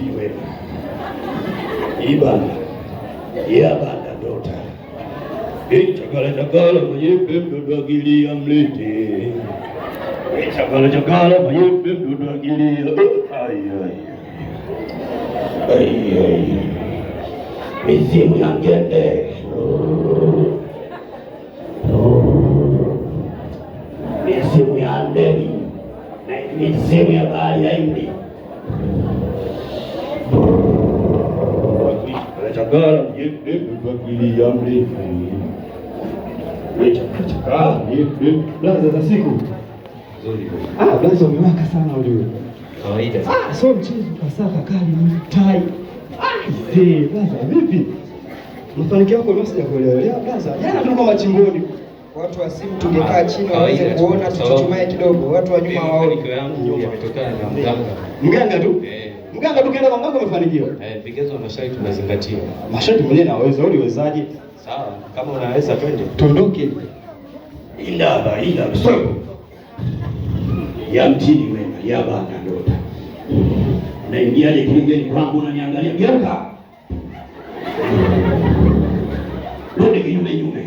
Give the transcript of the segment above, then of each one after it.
mjini wewe, ibada yabada dota ichakala chakala manyembe mdodo akilia mlete ichakala chakala manyembe mdodo akilia mizimu ya ngende mizimu ya ndeni mizimu ya bahari ya Hindi Gisagara blaza za siku blaza umewaka sana ujue, so mchezo kasaka kali mtai blaza. Vipi mafanikio yako leo sijakuelewa blaza? Jana tulikuwa machimboni watu wa simu tungekaa chini waweze kuona tuchuchumae kidogo, watu wa nyuma waone. Mganga tu eh. Mganga tukienda kwa mganga umefanikiwa. Eh, vigezo na masharti tunazingatia. Masharti mwenyewe na uwezo uli uliwezaje? Sawa, kama unaweza twende. Tunduki. Ila ba ila msomo. Ya mtini wema, ya bana ndota. ile Naingiaje ni kwangu na niangalia geuka. Rudi kinyume nyume.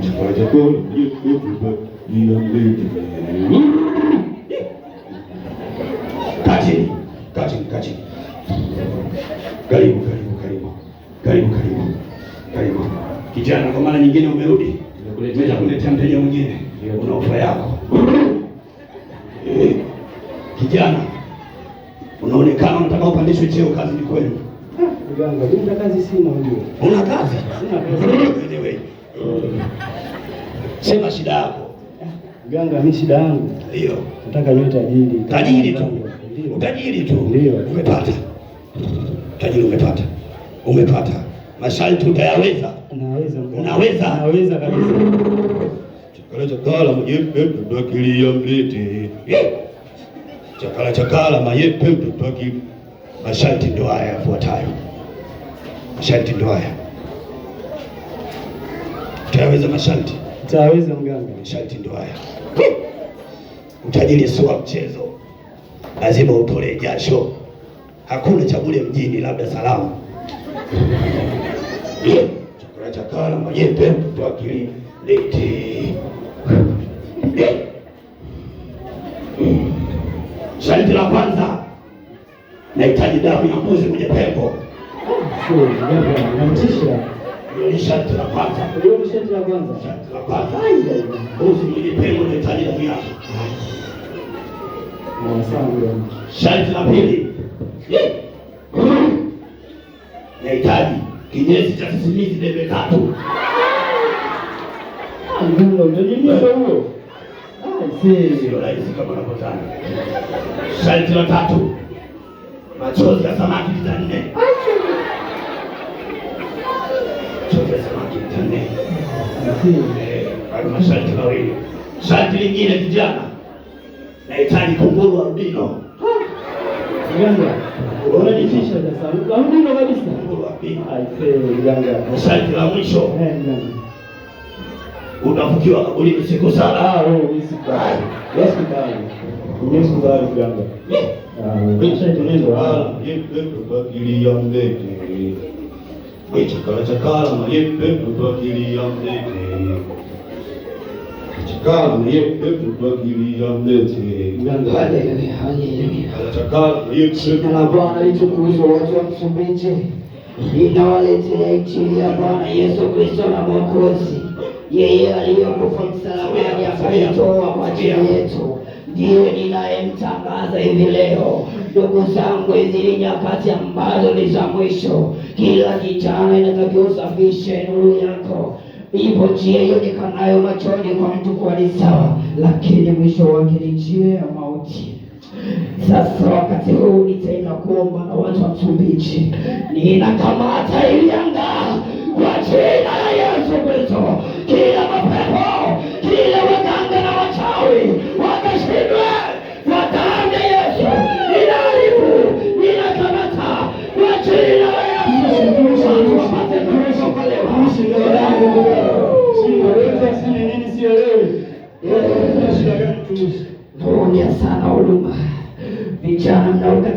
Chakula chakula, yeye kubu, ni ambe. mara nyingine umerudi umeweza kuletea mteja mwingine, una ofa yako eh, kijana unaonekana unataka upandishwe cheo, kazi ni kwenu. Una kazi? Una kazi? sema shida yako. Mganga, mimi shida yangu ndio nataka niwe tajiri. Tajiri tu, utajiri tu umepata, tajiri umepata, umepata masharti utayaweza, unaweza unaweza kabisa. chakala chakala mayepe mtoto akilia mlete, eh. chakala chakala mayepe mtoto aki. Masharti ndo haya yafuatayo, masharti ndo haya. Utayaweza masharti, utayaweza mganga. Masharti ndo haya. Utajiri si wa mchezo, lazima utolee jasho. Hakuna chakula mjini, labda salamu chakula cha kala majepe mtoto akili leti Sharti la kwanza nahitaji damu ya mbuzi mwenye pepo. Sharti la kwanza, sharti la kwanza, mbuzi mwenye pepo nahitaji damu yake. Sharti la pili nahitaji kinyesi cha sisimizi debe tatu. Ndio ndio huo ah, sio rahisi kama unapotaka. Sharti la tatu, machozi ya samaki lita nne. Machozi ya samaki lita nne, hayo masharti mawili. Sharti lingine, kijana, nahitaji kunguru albino. Ah. Unajifisha sasa, albino kabisa Sharti la mwisho utafukiwa kaburini siku sana. Jina la Bwana litukuzwe, watu wa Msumbiji ninawaletea injili ya Bwana Yesu Kristo na Mwokozi, yeye aliyokufa msalabani akaitoa kwa ajili yetu, ndiye ninayemtangaza hivi leo. Ndugu zangu, hizi ni nyakati ambazo ni za mwisho. Kila kijana inatakiwa usafishe nuru yako. Ipo njia ionekanayo machoni kwa mtu kuwa ni sawa, lakini mwisho wake ni njia ya mauti. Sasa wakati huu nitaenda kuomba na watu wa Msumbiji, ninakamata ilianga kwa jina la Yesu Kristo.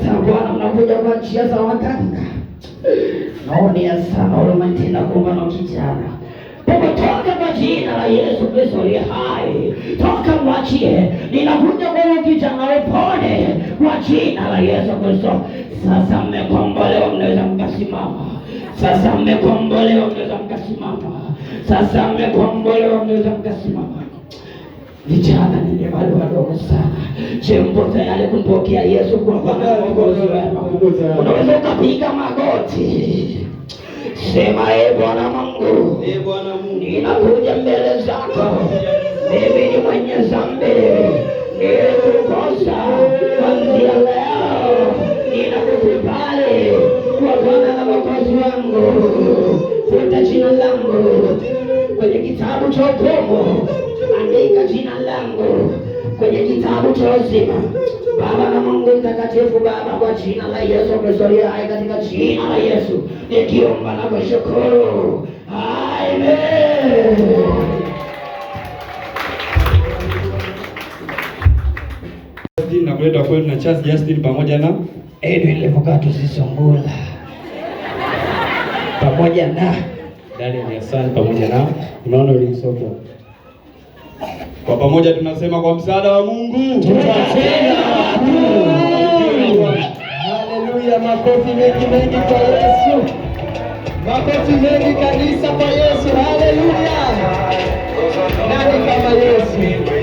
katika Bwana mnakuja kwa njia za waganga, naonea sana ulimwengu na kijana Baba, toka kwa jina la Yesu Kristo aliye hai, toka mwachie, ninakuja kwa kijana upone kwa jina la Yesu Kristo. Sasa mmekombolewa, mnaweza mkasimama. Sasa mmekombolewa, mnaweza mkasimama. Sasa mmekombolewa, mnaweza mkasimama. Vijana ninyi bado wadogo sana. Je, mpo tayari kumpokea Yesu kwa Bwana na Mwokozi wenu? Unaweza ukapiga magoti. Sema, ee Bwana Mungu, ee Bwana ninakuja mbele zako. Mimi ni mwenye dhambi, nilikukosa. Kuanzia leo ninakukubali kwa Bwana na Mwokozi wangu. Futa jina langu kwenye kitabu cha yangu kwenye kitabu cha uzima. Baba na Mungu mtakatifu, Baba, kwa jina la Yesu umesolia hai, katika jina la Yesu nikiomba na kushukuru. Amen. Na kuleta kwenu na Charles Justin pamoja na Edwin Levokatus Sisongula pamoja na Daniel Hassan pamoja na Emmanuel Msoko. Kwa pamoja tunasema kwa msaada wa Mungu tutashinda Haleluya! Makofi mengi mengi kwa Yesu, makofi mengi kabisa kwa Yesu. Haleluya! Nani kama Yesu?